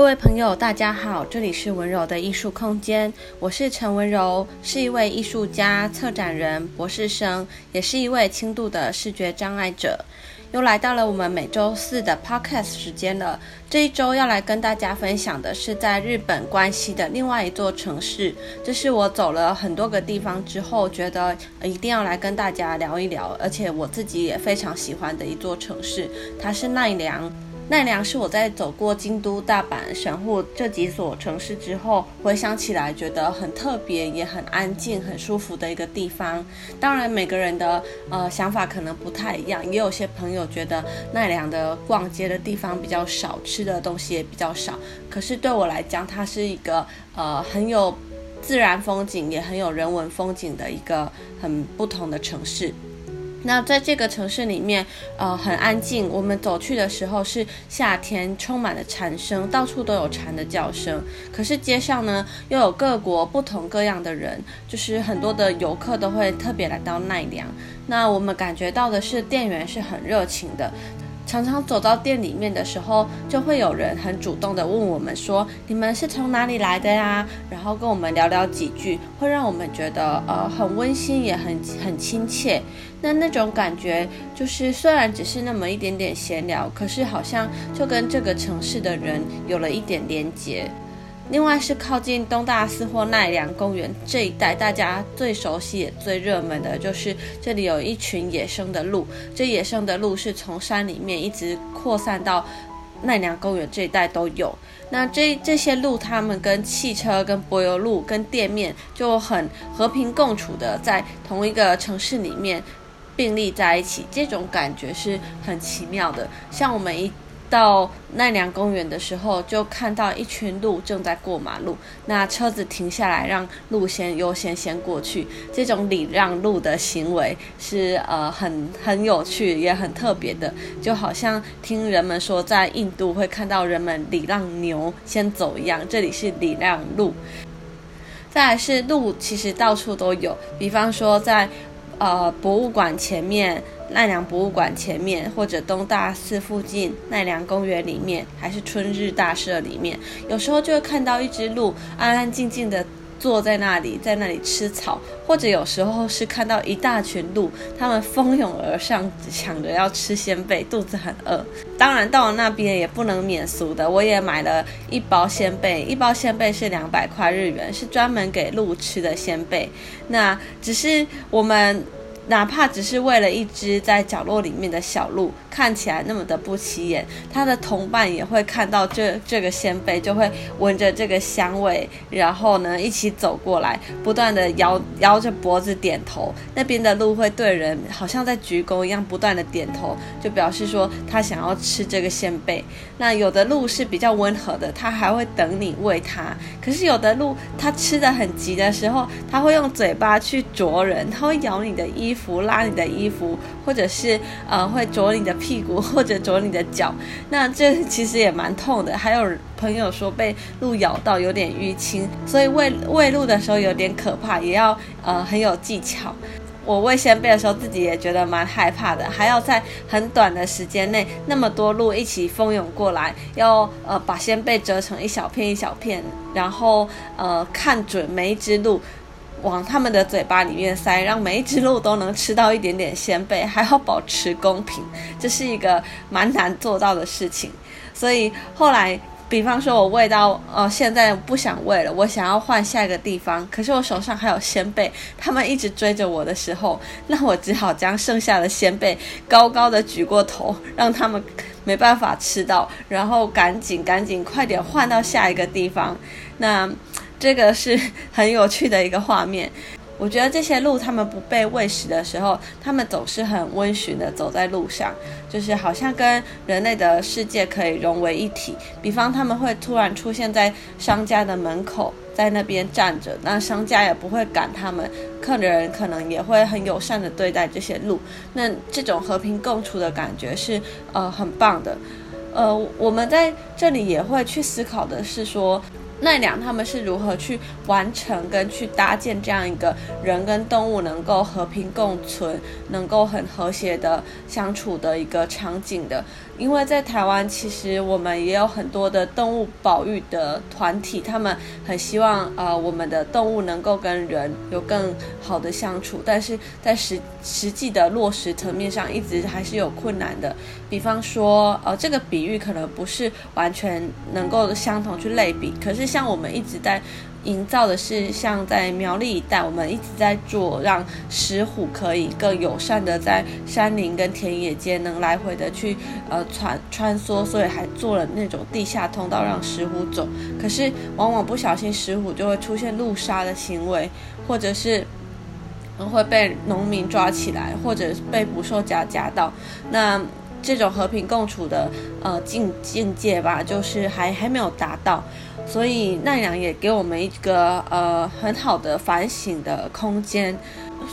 各位朋友，大家好，這裡是雯柔的藝術空間，我是陳雯柔，是一位藝術家、策展人、博士生，也是一位輕度的視覺障礙者。又來到了我們每周四的 podcast 時間了。這一周要來跟大家分享的是在日本關西的另外一座城市，這是我走了很多個地方之後，覺得一定要來跟大家聊一聊，而且我自己也非常喜歡的一座城市，它是奈良。奈良是我在走過京都、大阪、神戶這幾所城市之後，回想起來覺得很特別，也很安靜、很舒服的一個地方。當然，每個人的呃想法可能不太一樣，也有些朋友覺得奈良的逛街的地方比較少，吃的東西也比較少。可是對我來講，它是一個呃很有自然風景，也很有人文風景的一個很不同的城市。那在這個城市裡面，呃，很安靜。我們走去的時候是夏天，充滿了蟬聲，到處都有蟬的叫聲。可是街上呢，又有各國不同各樣的人，就是很多的遊客都會特別來到奈良。那我們感覺到的是店員是很熱情的。常常走到店裡面的時候，就會有人很主動的問我們說：“你們是從哪裡來的呀？”然後跟我們聊聊幾句，會讓我們覺得呃很溫馨，也很很親切。那那種感覺就是，雖然只是那麼一點點閒聊，可是好像就跟這個城市的人有了一點連接。另外是靠近東大寺或奈良公園這一帶，大家最熟悉也最熱門的就是這裡有一群野生的鹿。這野生的鹿是從山裡面一直擴散到奈良公園這一帶都有。那這這些鹿，它們跟汽車、跟柏油路、跟店面就很和平共處的，在同一個城市裡面並立在一起，這種感覺是很奇妙的。像我們一。到奈良公園的時候，就看到一群鹿正在過馬路，那車子停下來讓鹿先優先先過去。這種禮讓鹿的行為是呃很很有趣也很特別的，就好像聽人們說在印度會看到人們禮讓牛先走一樣，這裡是禮讓鹿。再來是鹿其實到處都有，比方說在呃博物館前面。奈良博物館前面，或者東大寺附近、奈良公園裡面，還是春日大社裡面，有時候就會看到一隻鹿安安靜靜的坐在那裡，在那裡吃草，或者有時候是看到一大群鹿，他們蜂擁而上，搶着要吃仙貝，肚子很餓。當然到了那邊也不能免俗的，我也買了一包仙貝，一包仙貝是兩百塊日元，是專門給鹿吃的仙貝。那只是我們。哪怕只是為了一隻在角落裡面的小鹿，看起來那麼的不起眼，它的同伴也會看到這這個仙貝，就會聞着這個香味，然後呢，一起走過來，不斷的搖搖着脖子點頭。那邊的鹿會對人好像在鞠躬一樣，不斷的點頭，就表示說他想要吃這個仙貝。那有的鹿是比較溫和的，它還會等你餵它。可是有的鹿它吃得很急的時候，它會用嘴巴去啄人，它會咬你的衣服。服拉你的衣服，或者是呃會啄你的屁股，或者啄你的腳，那這其實也蠻痛的。還有朋友說被鹿咬到有點淤青，所以餵餵鹿的時候有點可怕，也要呃很有技巧。我餵仙貝的時候自己也覺得蠻害怕的，還要在很短的時間內那麼多鹿一起蜂擁過來，要呃把仙貝折成一小片一小片，然後呃看準每一隻鹿。往他們的嘴巴裡面塞，讓每一隻鹿都能吃到一點點仙貝，還要保持公平，這是一個蠻難做到的事情。所以後來，比方說我餵到呃，現在不想餵了，我想要換下一個地方，可是我手上還有仙貝，他們一直追着我的時候，那我只好將剩下的仙貝高高的舉過頭，讓他們沒辦法吃到，然後趕緊趕緊快點換到下一個地方，那。這個是很有趣的一個畫面。我覺得這些鹿，它們不被餵食的時候，它們總是很溫馴地走在路上，就是好像跟人類的世界可以融為一體。比方，他們會突然出現在商家的門口，在那邊站着，那商家也不會趕他們，客人可能也會很友善地對待這些鹿。那這種和平共處的感覺是，呃，很棒的。呃，我們在這裡也會去思考的是說。奈良他們是如何去完成跟去搭建這樣一個人跟動物能夠和平共存、能夠很和諧的相處的一個場景的？因為在台灣，其實我們也有很多的動物保育的團體，他們很希望啊，呃，我們的動物能夠跟人有更好的相處，但是在實實際的落實層面上，一直還是有困難的。比方說，呃，這個比喻可能不是完全能夠相同去類比，可是。像我們一直在營造的是，像在苗栗一帶，我們一直在做讓石虎可以更友善的在山林跟田野間能來回的去呃穿穿梭，所以還做了那種地下通道讓石虎走。可是往往不小心，石虎就會出現路殺的行為，或者是會被農民抓起來，或者被捕獸夾夾到。那這種和平共處的呃境境界吧，就是還還沒有達到。所以，奈良也給我們一個呃很好的反省的空間。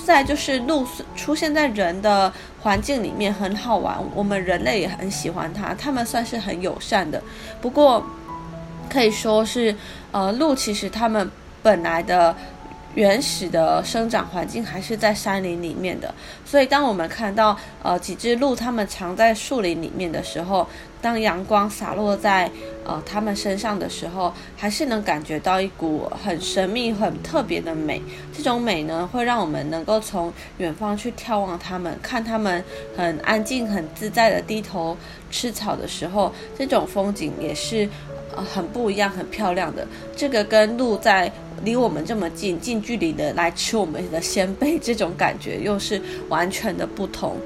再就是鹿出現在人的環境裡面很好玩，我們人類也很喜歡它，它們算是很友善的。不過，可以說是，呃，鹿其實它們本來的原始的生長環境還是在山林裡面的。所以，當我們看到呃幾隻鹿它們藏在樹林裡面的時候，當陽光灑落在呃他們身上的時候，還是能感覺到一股很神秘、很特別的美。這種美呢，會讓我們能夠從遠方去眺望他們，看他們很安靜、很自在的低頭吃草的時候，這種風景也是、呃、很不一樣、很漂亮的。這個跟鹿，在離我們這麼近、近距離的來吃我們的仙貝，這種感覺又是完全的不同。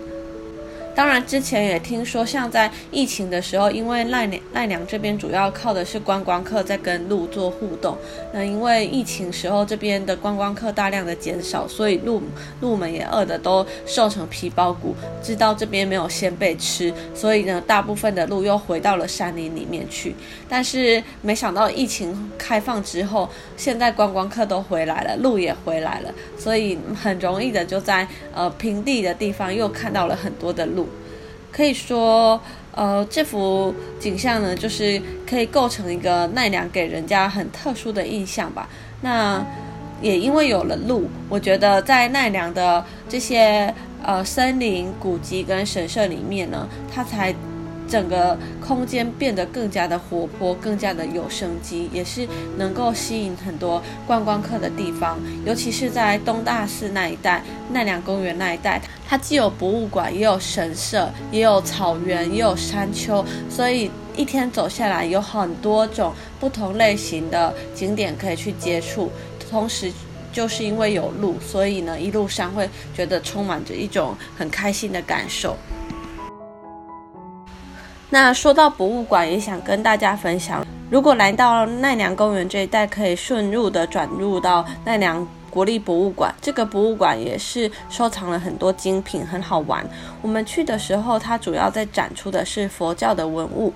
當然，之前也聽說，像在疫情的時候，因為奈良奈良這邊主要靠的是觀光客在跟鹿做互動。那因為疫情時候，這邊的觀光客大量的減少，所以鹿鹿們也餓得都瘦成皮包骨，知道這邊沒有仙貝吃，所以呢，大部分的鹿又回到了山林裡面去。但是沒想到疫情開放之後，現在觀光客都回來了，鹿也回來了，所以很容易的就在呃平地的地方又看到了很多的鹿。可以說，呃，這幅景象呢，就是可以構成一個奈良給人家很特殊的印象吧。那也因為有了鹿，我覺得在奈良的這些呃森林、古蹟跟神社裡面呢，它才。整個空間變得更加的活潑，更加的有生機，也是能夠吸引很多觀光客的地方。尤其是在東大寺那一帶、奈良公園那一帶，它既有博物館，也有神社，也有草原，也有山丘，所以一天走下來，有很多種不同類型的景點可以去接觸。同時，就是因為有鹿，所以呢，一路上會覺得充滿着一種很開心的感受。那說到博物館，也想跟大家分享，如果來到奈良公園這一帶，可以順路的轉入到奈良國立博物館。這個博物館也是收藏了很多精品，很好玩。我們去的時候，它主要在展出的是佛教的文物，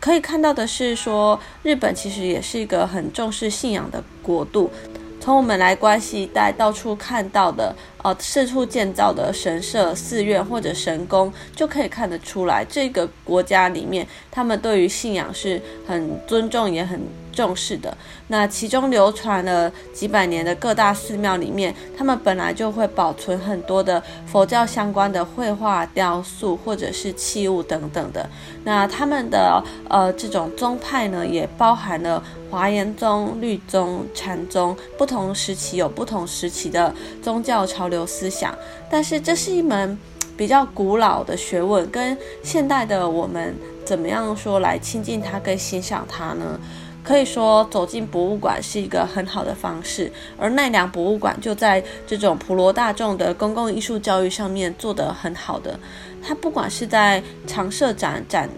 可以看到的是說，日本其實也是一個很重視信仰的國度。從我們來關西一帶到處看到的，呃，四處建造的神社、寺院或者神宮，就可以看得出來，這個國家裡面他們對於信仰是很尊重也很重視的。那其中流傳了幾百年的各大寺廟裡面，他們本來就會保存很多的佛教相關的繪畫、雕塑或者是器物等等的。那他們的呃這種宗派呢，也包含了華嚴宗、律宗、禪宗，不同時期有不同時期的宗教潮流思想。但是這是一門比較古老的學問，跟現代的我們怎麼樣說來親近它跟欣賞它呢？可以說走進博物館是一個很好的方式，而奈良博物館就在這種普羅大眾的公共藝術教育上面做得很好的。它不管是在常設展展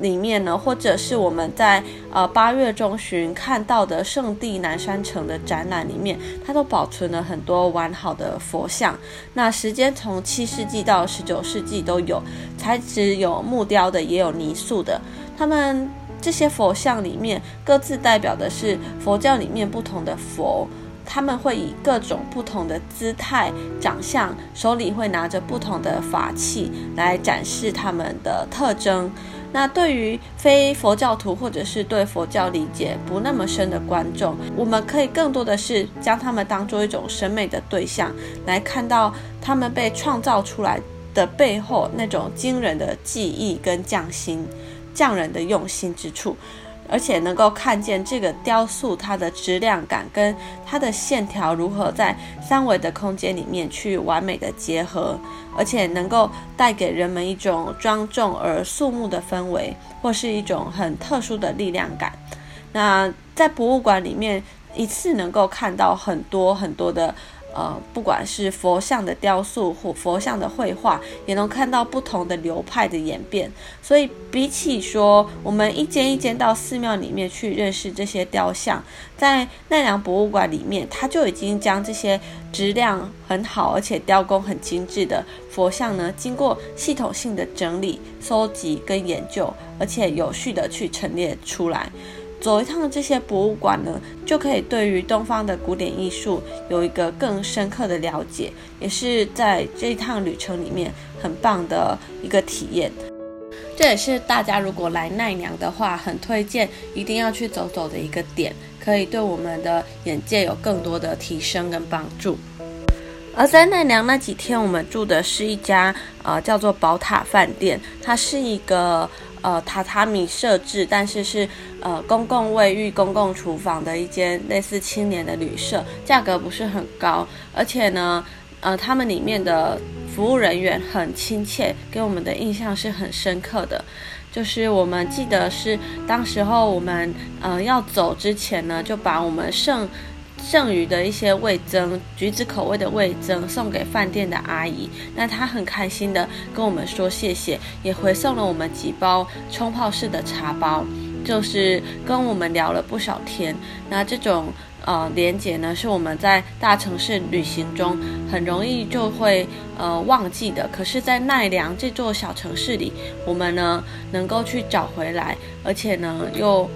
裡面呢，或者是我們在呃八月中旬看到的聖地南山城的展覽裡面，它都保存了很多完好的佛像。那時間從七世紀到十九世紀都有，材質有木雕的，也有泥塑的，他們。這些佛像裡面各自代表的是佛教裡面不同的佛，他們會以各種不同的姿態、長相，手裡會拿着不同的法器來展示他們的特徵。那對於非佛教徒或者是對佛教理解不那麼深的觀眾，我們可以更多的是將他們當做一種審美的對象，來看到他們被創造出來的背後那種驚人的技藝跟匠心。匠人的用心之處，而且能夠看見這個雕塑它的質量感跟它的線條如何在三維的空間裡面去完美的結合，而且能夠帶給人們一種莊重而肅穆的氛圍，或是一種很特殊的力量感。那在博物館裡面一次能夠看到很多很多的。呃，不管是佛像的雕塑或佛像的繪畫，也能看到不同的流派的演變。所以，比起說我們一間一間到寺廟裡面去認識這些雕像，在奈良博物館裡面，它就已經將這些質量很好而且雕工很精緻的佛像呢，經過系統性的整理、蒐集跟研究，而且有序的去陳列出來。走一趟這些博物館呢，就可以對於東方的古典藝術有一個更深刻的了解，也是在這一趟旅程裡面很棒的一個體驗。這也是大家如果來奈良的話，很推薦一定要去走走的一個點，可以對我們的眼界有更多的提升跟幫助。而在奈良那幾天，我們住的是一家啊、呃，叫做寶塔飯店，它是一個，呃，榻榻米設置，但是是呃公共衛浴、公共廚房的一間類似青年的旅社，價格不是很高，而且呢，呃，他們裡面的服務人員很親切，給我們的印象是很深刻的，就是我們記得是當時候我們呃要走之前呢，就把我們剩。剩餘的一些味噌，橘子口味的味噌送給飯店的阿姨，那她很開心的跟我們說謝謝，也回送了我們幾包沖泡式的茶包，就是跟我們聊了不少天。那這種呃連結呢，是我們在大城市旅行中很容易就會呃忘記的，可是，在奈良這座小城市裡，我們呢能夠去找回來，而且呢又。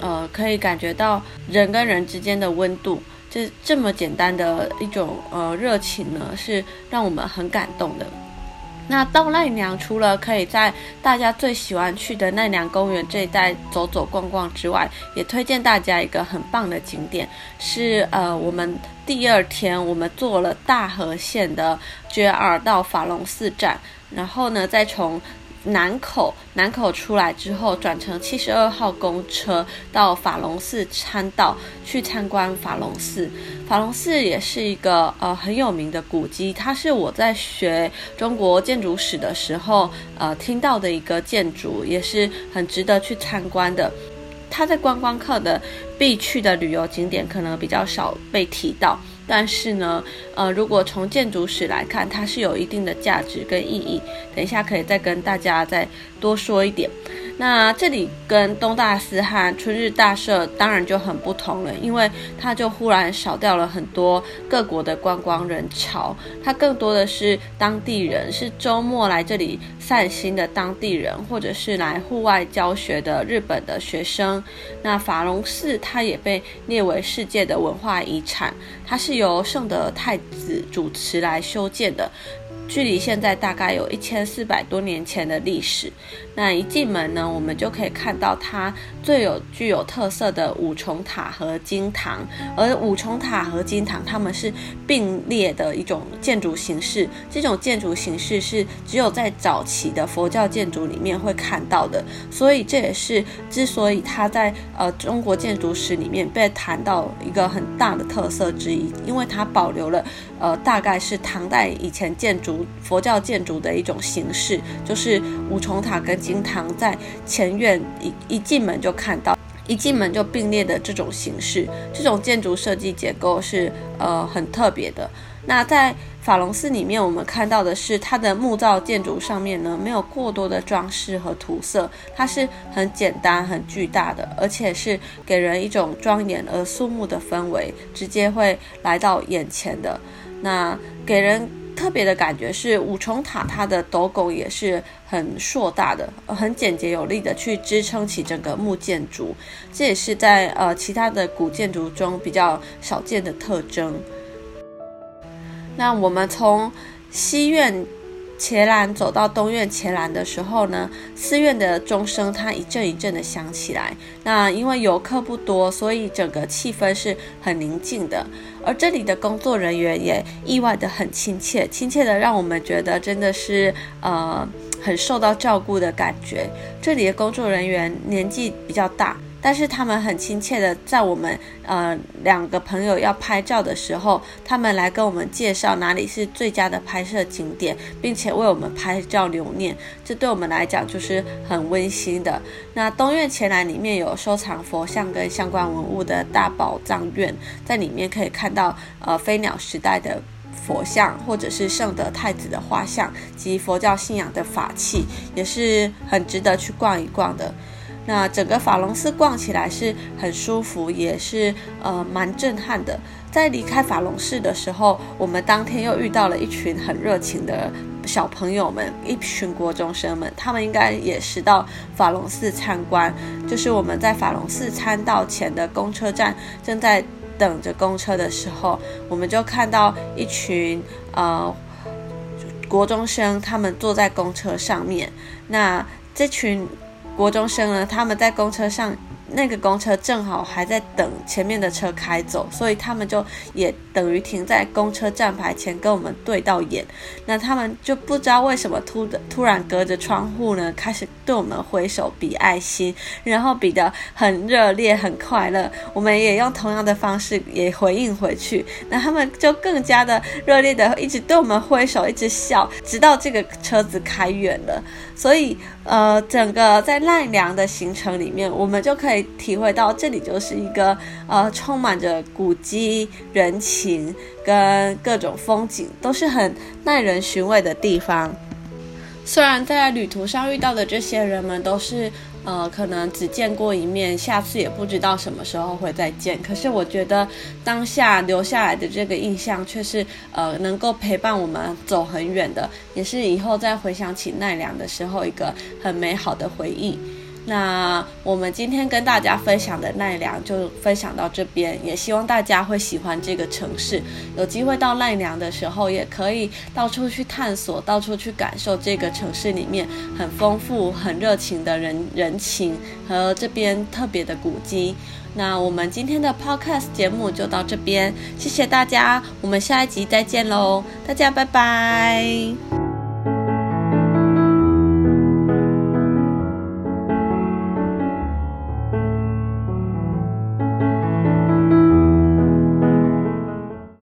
呃，可以感覺到人跟人之間的溫度，就這麼簡單的一種呃熱情呢，是讓我們很感動的。那到奈良，除了可以在大家最喜歡去的奈良公園這一帶走走逛逛之外，也推薦大家一個很棒的景點，是呃我們第二天我們坐了大和線的 JR 到法隆寺站，然後呢再從。南口南口，出來之後，轉乘七十二號公車到法隆寺參道去參觀法隆寺。法隆寺也是一個呃很有名的古蹟，它是我在學中國建築史的時候呃聽到的一個建築，也是很值得去參觀的。它在觀光客的必去的旅遊景點可能比較少被提到。但是呢，呃，如果從建築史來看，它是有一定的價值跟意義。等一下可以再跟大家再多說一點。那這裡跟東大寺和春日大社當然就很不同了，因為它就忽然少掉了很多各國的觀光人潮，它更多的是當地人，是週末來這裡散心的當地人，或者是來戶外教學的日本的學生。那法隆寺它也被列為世界的文化遺產，它是由聖德太子主持來修建的。距離現在大概有一千四百多年前的歷史。那一進門呢，我們就可以看到它最有具有特色的五重塔和金堂。而五重塔和金堂，它們是並列的一種建築形式。這種建築形式是只有在早期的佛教建築裡面會看到的。所以這也是之所以它在呃中國建築史裡面被談到一個很大的特色之一，因為它保留了呃大概是唐代以前建築，佛教建築的一種形式，就是五重塔跟金堂在前院一一進門就看到，一進門就並列的這種形式，這種建築設計結構是呃很特別的。那在法隆寺裡面，我們看到的是它的木造建築上面呢沒有過多的裝飾和塗色，它是很簡單很巨大的，而且是給人一種莊嚴而肅穆的氛圍，直接會來到眼前的，那給人。特別的感覺是五重塔，它的斗拱也是很碩大的，很簡潔有力的去支撐起整個木建築，這也是在呃其他的古建築中比較少見的特徵。那我們從西院伽藍走到東院伽藍的時候呢，寺院的鐘聲它一陣一陣的響起來。那因為遊客不多，所以整個氣氛，是很寧靜的。而這裡的工作人員也意外的很親切，親切的讓我們覺得真的是呃很受到照顧的感覺。這裡的工作人員年紀比較大，但是他們很親切的，在我們呃兩個朋友要拍照的時候，他們來跟我們介紹哪裡是最佳的拍攝景點，並且為我們拍照留念，這對我們來講就是很溫馨的。那東院前來裡面有收藏佛像跟相關文物的大寶藏院，在裡面可以看到呃飛鳥時代的佛像，或者是聖德太子的畫像及佛教信仰的法器，也是很值得去逛一逛的。那整個法隆寺逛起來是很舒服，也是呃蠻震撼的。在離開法隆寺的時候，我們當天又遇到了一群很熱情的小朋友們，一群國中生們。他們應該也是到法隆寺參觀。就是我們在法隆寺參道前的公車站，正在等着公車的時候，我們就看到一群呃國中生，他們坐在公車上面。那這群。國中生呢，他們在公車上，那個公車正好還在等前面的車開走，所以他們就也等於停在公車站牌前跟我們對到眼。那他們就不知道為什麼突突然隔着窗戶呢，開始對我們揮手比愛心，然後比得很熱烈，很快樂。我們也用同樣的方式也回應回去，那他們就更加的熱烈的一直對我們揮手，一直笑，直到這個車子開遠了。所以，呃，整個在奈良的行程裡面，我們就可以體會到，這裡就是一個呃，充滿着古蹟、人情跟各種風景，都是很耐人尋味的地方。雖然在旅途上遇到的這些人們都是。呃，可能只見過一面，下次也不知道什麼時候會再見。可是我覺得當下留下來的這個印象，卻是呃，能夠陪伴我們走很遠的，也是以後再回想起奈良的時候，一個很美好的回憶。那我們今天跟大家分享的奈良就分享到這邊，也希望大家會喜歡這個城市。有機會到奈良的時候，也可以到處去探索，到處去感受這個城市裡面很豐富、很熱情的人人情和這邊特別的古跡。那我們今天的 Podcast 節目就到這邊，謝謝大家，我們下一集再見嘍，大家拜拜。